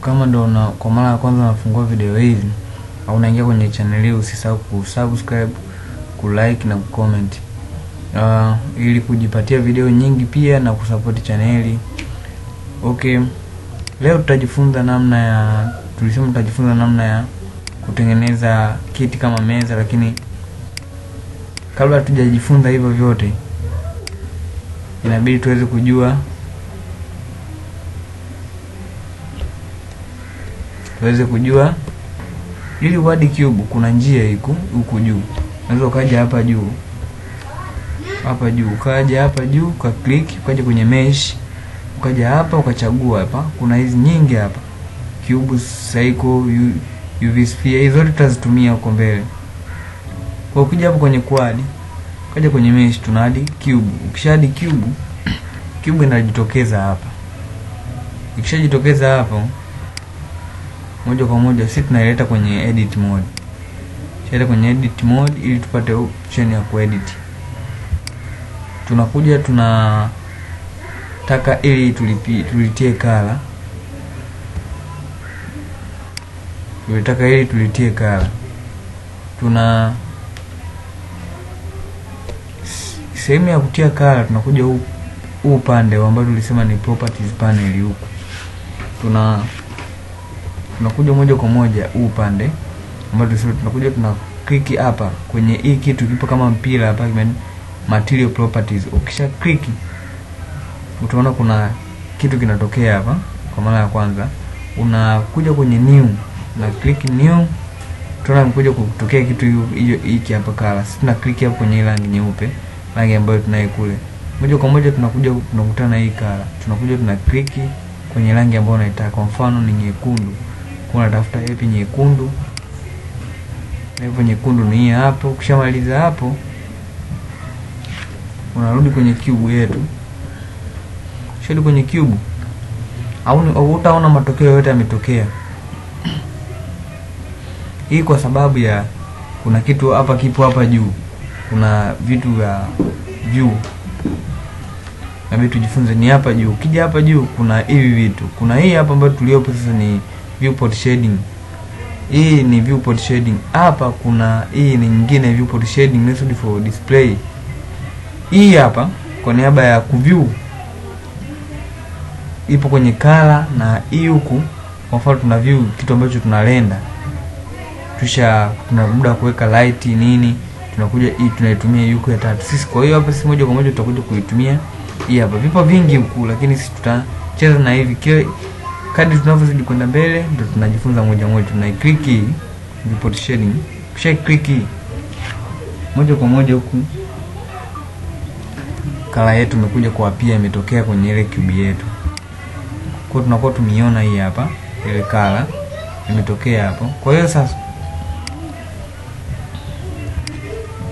Kama ndo na kwa mara ya kwanza nafungua video hizi au unaingia kwenye channel hii, usisahau kusubscribe, kulike na kucomment uh, ili kujipatia video nyingi pia na kusupport channel. Okay, leo tutajifunza namna ya tulisema tutajifunza namna ya kutengeneza kiti kama meza, lakini kabla tujajifunza hivyo vyote inabidi tuweze kujua uweze kujua ili word cube kuna njia iko huku juu. Unaweza ukaja hapa juu hapa juu ukaja hapa juu kwa click ukaja kwenye mesh ukaja hapa ukachagua hapa, kuna hizi nyingi hapa cube, cycle, UV sphere, hizo tutazitumia huko mbele. Kwa ukija hapo kwenye quad ukaja kwenye mesh tuna hadi cube. Ukishahadi cube, cube inajitokeza hapa, ikishajitokeza hapo moja kwa moja si tunaileta kwenye edit mode tunaileta kwenye edit mode ili tupate option ya kuedit tunakuja tuna taka ili tulipi, tulitie kala tulitaka ili tulitie kala tuna sehemu ya kutia kala tunakuja huu upande ambao tulisema ni properties panel huku tuna tunakuja moja kwa moja huu upande ambao tunasema tunakuja tuna click hapa kwenye hii kitu kipo kama mpira hapa kimeandikwa material properties. Ukisha click utaona kuna kitu kinatokea hapa. Kwa mara ya kwanza unakuja kwenye new na click new, tunaona mkuja kutokea kitu hiyo hiki hapa kala. Sisi tuna click hapo kwenye rangi nyeupe, rangi ambayo tunai kule. Moja kwa moja tunakuja tunakutana hii kala, tunakuja tuna click kwenye rangi ambayo unaitaka, kwa mfano ni nyekundu unatafuta hepi nyekundu. Hepi nyekundu ni hii hapo. Ukishamaliza hapo, unarudi kwenye cube yetu. Ukisharudi kwenye cube, au utaona matokeo yote yametokea. Hii kwa sababu ya kuna kitu hapa kipo hapa juu, kuna vitu vya juu nabidi tujifunze ni hapa juu. Ukija hapa juu, kuna hivi vitu, kuna hii hapa ambayo tuliopo sasa ni viewport shading. Hii ni viewport shading. Hapa kuna hii ni nyingine viewport shading method for display. Hii hapa kwa niaba ya kuview ipo kwenye kala na hii huku, kwa mfano tuna view kitu ambacho tunalenda, tusha tuna muda kuweka light nini, tunakuja hii tunaitumia huku ya tatu sisi. Kwa hiyo hapa si moja kwa moja tutakuja kuitumia hii hapa. Vipo vingi huku, lakini sisi tutacheza na hivi kile Kadri tunavyozidi kwenda mbele ndo tunajifunza moja moja, tunaiklik report sharing, kisha click moja kwa moja huku kala yetu imekuja kwa pia imetokea kwenye ile cube yetu. Kwa tunakuwa tumiona hii hapa ile kala imetokea hapo. Kwa hiyo sasa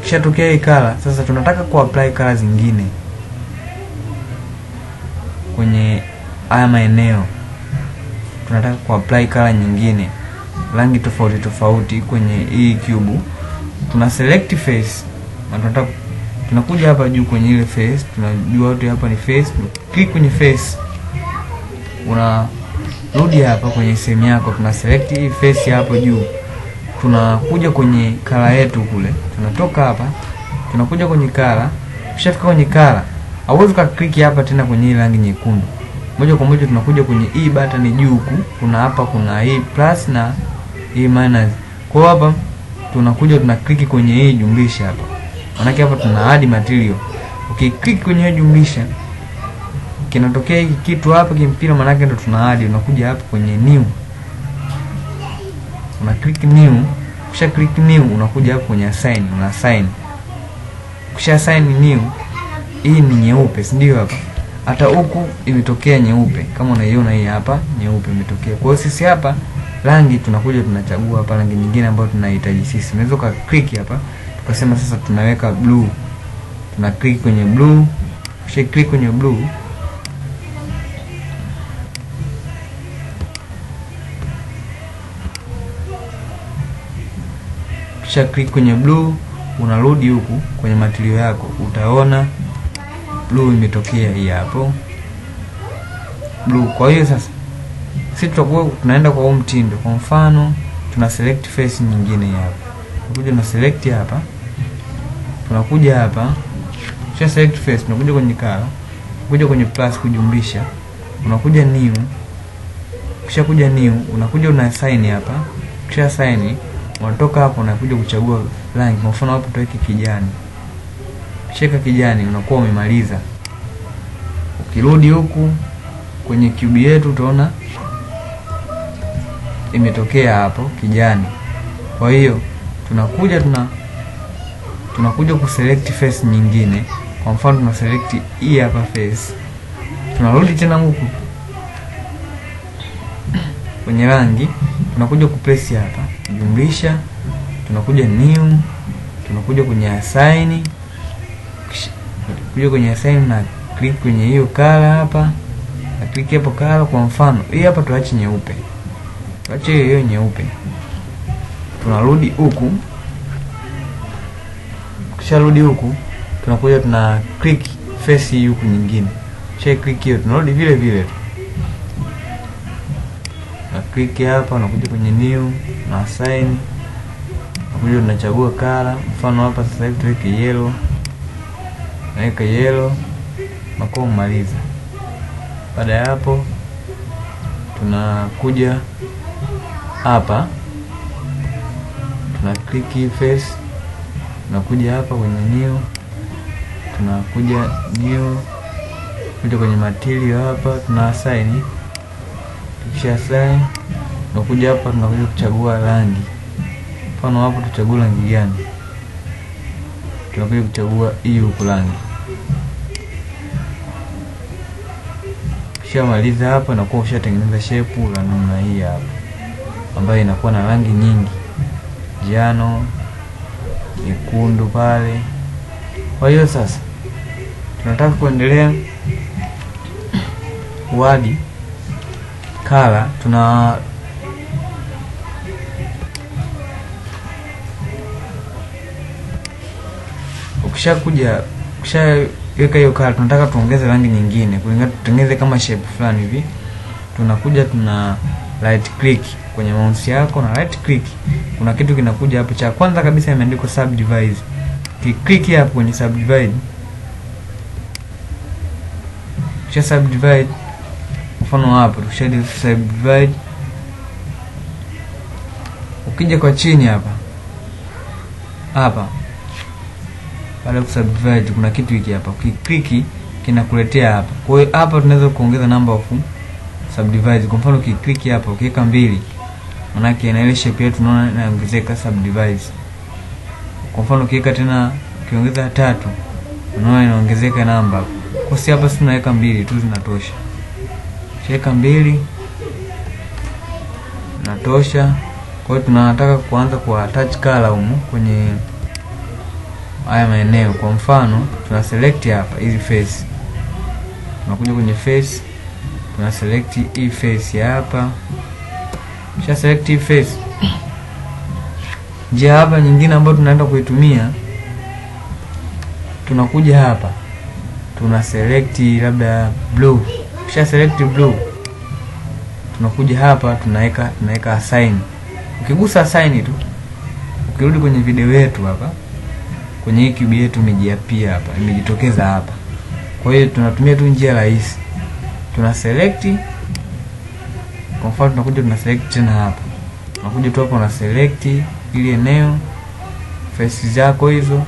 kishatokea hii kala, sasa tunataka ku apply kala zingine kwenye haya maeneo tunataka kuapply color nyingine, rangi tofauti tofauti kwenye hii cube. Tuna select face na tunataka tunakuja hapa juu kwenye ile face, tunajua tu hapa ni face. Click kwenye face, unarudi hapa kwenye sehemu yako, tuna select hii face hapo juu. Tunakuja kwenye kala yetu kule, tunatoka hapa, tunakuja kwenye kala. Ukishafika kwenye kala, hauwezi ukaklik hapa tena kwenye rangi nyekundu moja kwa moja tunakuja kwenye hii e button juu huku, kuna hapa kuna hii plus na hii minus. Kwa hiyo hapa tunakuja tuna click kwenye hii jumlisha hapa, maanake hapa tuna add material. Okay, click kwenye hii jumlisha kinatokea hiki kitu hapa kimpira, maanake ndo tuna add. Unakuja hapa kwenye new, una click new. Kisha click new, unakuja hapa kwenye assign, una assign. Kisha assign new, hii e ni nyeupe, si ndio? hapa hata huku imetokea nyeupe, kama unaiona hii hapa nyeupe imetokea. Kwa hiyo sisi hapa rangi tunakuja tunachagua hapa rangi nyingine ambayo tunahitaji sisi. Unaweza ka click hapa tukasema sasa tunaweka blue, tuna click kwenye blue, kisha click kwenye blue kisha click kwenye blue, unarudi huku kwenye matilio yako utaona blue imetokea hii hapo blue. Kwa hiyo sasa sisi tutakuwa tunaenda kwa huu mtindo. Kwa mfano tuna select face nyingine hapa, tunakuja na select hapa, tunakuja hapa, kisha select face, tunakuja kwenye kala kuja kwenye plus kujumlisha, unakuja new, kisha kuja new, unakuja una assign hapa, kisha assign, unatoka hapo unakuja kuchagua rangi. Kwa mfano hapo tuweke kijani. Cheka kijani, unakuwa umemaliza. Ukirudi huku kwenye cube yetu utaona imetokea hapo kijani. Kwa hiyo tunakuja tuna tunakuja kuselect face nyingine. Kwa mfano tuna select hii hapa face, tunarudi tena huku kwenye rangi, tunakuja kupesi hapa jumlisha, tunakuja new, tunakuja kwenye assign kuja kwenye assign na click kwenye hiyo kala hapa na click hapo kala. Kwa mfano hii hapa tuache nyeupe, tuache hiyo nyeupe. Tunarudi huku, kisharudi huku tunakuja tuna click face huku nyingine, kisha click hiyo, tunarudi vile vile tu na click hapa, unakuja kwenye new na assign, unakuja tunachagua kala, mfano hapa sasa hivi tuweke yellow naweka yellow mpaka umaliza. Baada ya hapo, tunakuja hapa tuna click face, tunakuja hapa kwenye new, tunakuja new, kuja kwenye material hapa tuna assign. Tukisha assign, tunakuja hapa tunakuja kuchagua rangi. Mfano hapo tuchagua rangi gani? Tunakuja kuchagua hii huku rangi Ukishamaliza hapa nakuwa ushatengeneza shepu la namna hii hapa, ambayo inakuwa na rangi nyingi, njano, nyekundu pale. Kwa hiyo sasa tunataka kuendelea wadi kala tuna ukishakuja ukisha weka hiyo kala, tunataka tuongeze rangi nyingine, kulingana tutengeze kama shape fulani hivi, tunakuja tuna right click kwenye mouse yako na right click, kuna kitu kinakuja hapo cha kwanza kabisa imeandikwa subdivide. Kiklik hapo kwenye subdivide, kisha subdivide, mfano hapo tukisha subdivide, ukija kwa chini hapa hapa pale ya kusubdivide kuna kitu hiki hapa, ukiklik kinakuletea hapa. Kwa hiyo hapa tunaweza kuongeza namba of subdivide. Kwa mfano ukiklik hapa ukiweka mbili, manake na ile shape yetu tunaona inaongezeka subdivide. Kwa mfano ukiweka tena ukiongeza tatu, unaona inaongezeka namba. Kwa si hapa sisi tunaweka mbili tu zinatosha. Cheka mbili natosha. Kwa hiyo tunataka kuanza kwa attach color huko kwenye haya maeneo. Kwa mfano tuna select hapa hizi face, tunakuja kwenye face tuna select hii face hapa, kisha select hii face. Njia hapa nyingine ambayo tunaenda kuitumia, tunakuja hapa tuna select labda blue, kisha select blue, tunakuja hapa tunaweka tunaweka assign. Ukigusa assign tu, ukirudi kwenye video yetu hapa kwenye hii cube yetu imejiapia hapa, imejitokeza hapa. Kwa hiyo tunatumia tu njia rahisi, tuna select. Kwa mfano tunakuja tuna select tena hapa, tunakuja tu hapa una select ili eneo face zako hizo,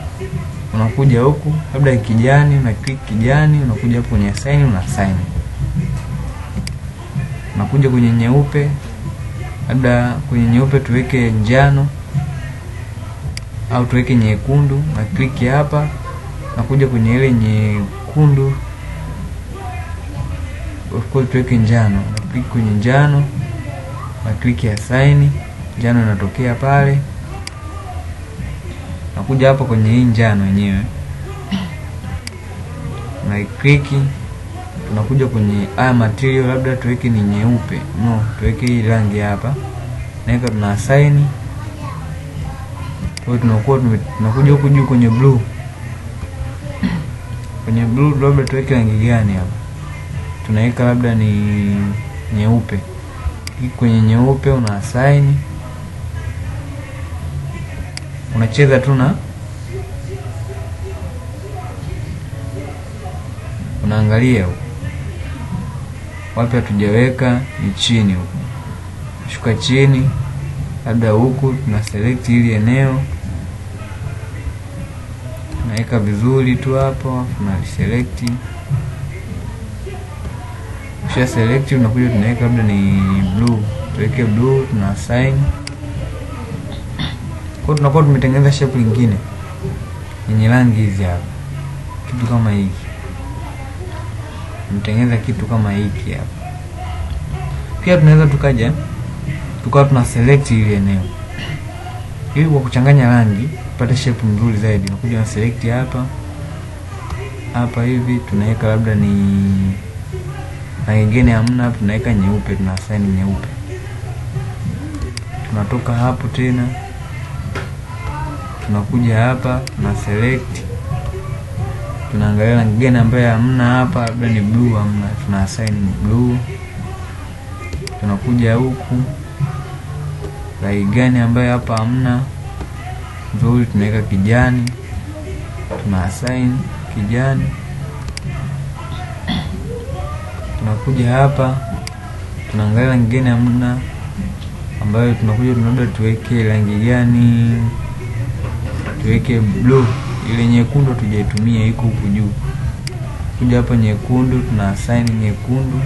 unakuja huku labda kijani, una click kijani, unakuja hapo kwenye assign una assign, unakuja kwenye nyeupe, labda kwenye nyeupe tuweke njano au tuweke nyekundu na click hapa na kuja kwenye ile nyekundu, of course tuweke njano na click kwenye njano na ya sign njano inatokea pale. Nakuja hapa kwenye hii njano yenyewe na click tunakuja kwenye haya material, labda tuweke ni nyeupe, no, tuweke hii rangi hapa, naweka tuna assign kwa hiyo tunakuwa tunakuja huku juu kwenye blue. Kwenye blue labda tuweke rangi gani hapa? Tunaweka labda ni nyeupe. Hii kwenye nyeupe una assign. Unacheza tu na unaangalia huko. Wapi hatujaweka ni chini huko. Shuka chini labda huku tuna select ili eneo naweka vizuri tu hapo, select kisha select, unakuja tunaweka labda ni blue, tuweke blue, tuna assign kwa, tunakuwa tumetengeneza shape lingine yenye rangi hizi hapa, kitu kama hiki, tumetengeneza kitu kama hiki hapa. Pia tunaweza tukaja tukawa tuna select ile eneo ili kwa kuchanganya rangi tupate shape nzuri zaidi, nakuja na select hapa hapa hivi, tunaweka labda ni na nyingine hamna hapa, tunaweka nyeupe, tuna assign nyeupe. Tunatoka hapo tena tunakuja hapa, na select tunaangalia rangi gani ambayo hamna hapa, labda ni blue, hamna, tuna assign blue. Tunakuja huku rangi gani ambayo hapa hamna vizuri, tunaweka kijani, tuna assign kijani, tunakuja hapa tunaangalia rangi gani hamna, ambayo tunakuja tunaoda tuweke rangi gani, tuweke blue, ile nyekundu tujaitumia, iko huku juu. Kuja hapa nyekundu, tuna assign nyekundu,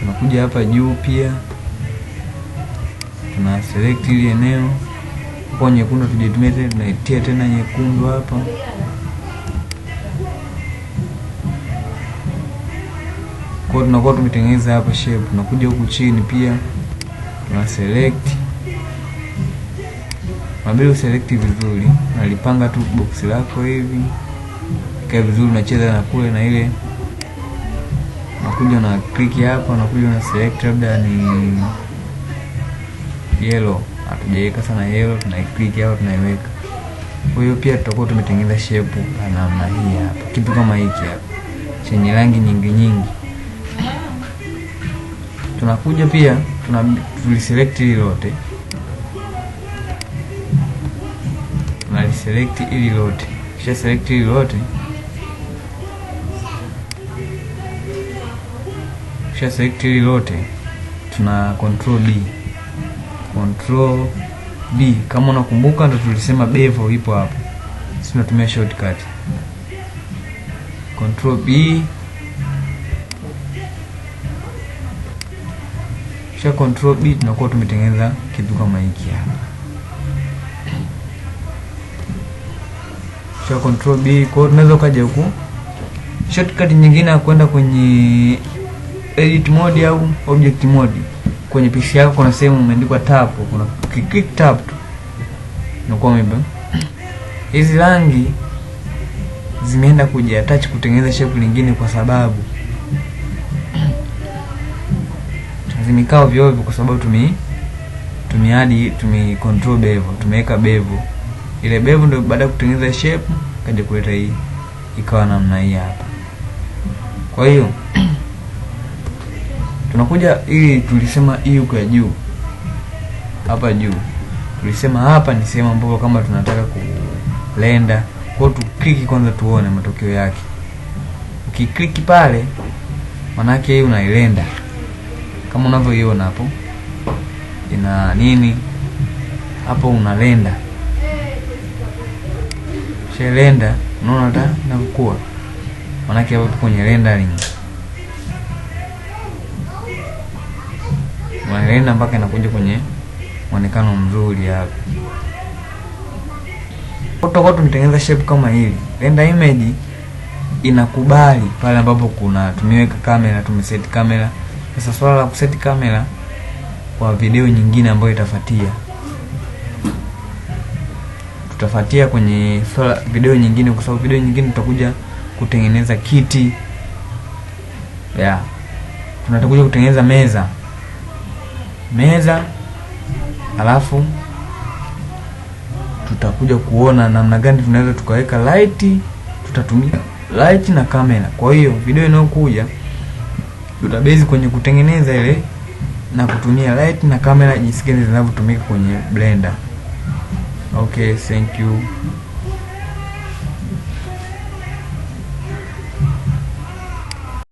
tunakuja hapa juu pia tuna select ile eneo kwa nyekundu tujitumie tena, tunaitia tena nyekundu hapa kwa tunakuwa tumetengeneza hapa shape. Tunakuja huku chini pia tuna select, mabili select vizuri, nalipanga tu box lako hivi ikae vizuri, unacheza na kule na ile, unakuja na click hapa, unakuja una select labda ni yellow hatujaweka sana yellow tunaiclick au tunaiweka kwa hiyo pia tutakuwa tumetengeneza shape na namna hii hapa kitu kama hiki hapa chenye rangi nyingi nyingi tunakuja pia tuna tuliselect hili lote tunaliselect hili lote kisha select hili lote kisha select hili lote tuna control D control B. Kama unakumbuka, ndo tulisema bevo ipo hapo, sisi tunatumia shortcut control B. Kisha control B tunakuwa tumetengeneza kitu kama hiki hapa. Kisha control B, kwa hiyo tunaweza ukaja huku shortcut nyingine ya kwenda kwenye edit mode au object mode kwenye PC yako kuna sehemu umeandikwa tap, kuna click tap tu unakuwa umeba. Hizi rangi zimeenda kujiattach kutengeneza shape lingine, kwa sababu zimekaa ovyo ovyo, kwa sababu tumi tumiadi tumi control bevel, tumeweka bevel ile bevu ndio baada ya kutengeneza shape kaja kuleta hii ikawa namna hii hapa. Kwa hiyo tunakuja ili tulisema huko ya juu hapa juu, tulisema hapa ni sehemu ambapo kama tunataka kulenda kwao, tukliki kwanza tuone matokeo yake. Ukikliki pale, manake hii unailenda kama unavyoiona hapo, ina nini hapo, unalenda shelenda, unaona hata nakukua, manake hapo kwenye lenda wanaenda mpaka inakuja kwenye mwonekano mzuri hapa. Tutakuwa tumetengeneza shape kama hivi, render image inakubali pale ambapo kuna tumeweka kamera, tumeset kamera. Sasa swala la kuseti kamera kwa video nyingine ambayo itafuatia, tutafuatia kwenye swala video nyingine, kwa sababu video nyingine tutakuja kutengeneza kiti ya yeah. Tunatakuja kutengeneza meza meza, halafu tutakuja kuona namna gani tunaweza tukaweka light. Tutatumia light na kamera. Kwa hiyo video inayokuja tutabezi kwenye kutengeneza ile na kutumia light na kamera jinsi gani zinavyotumika kwenye Blender. Okay, thank you.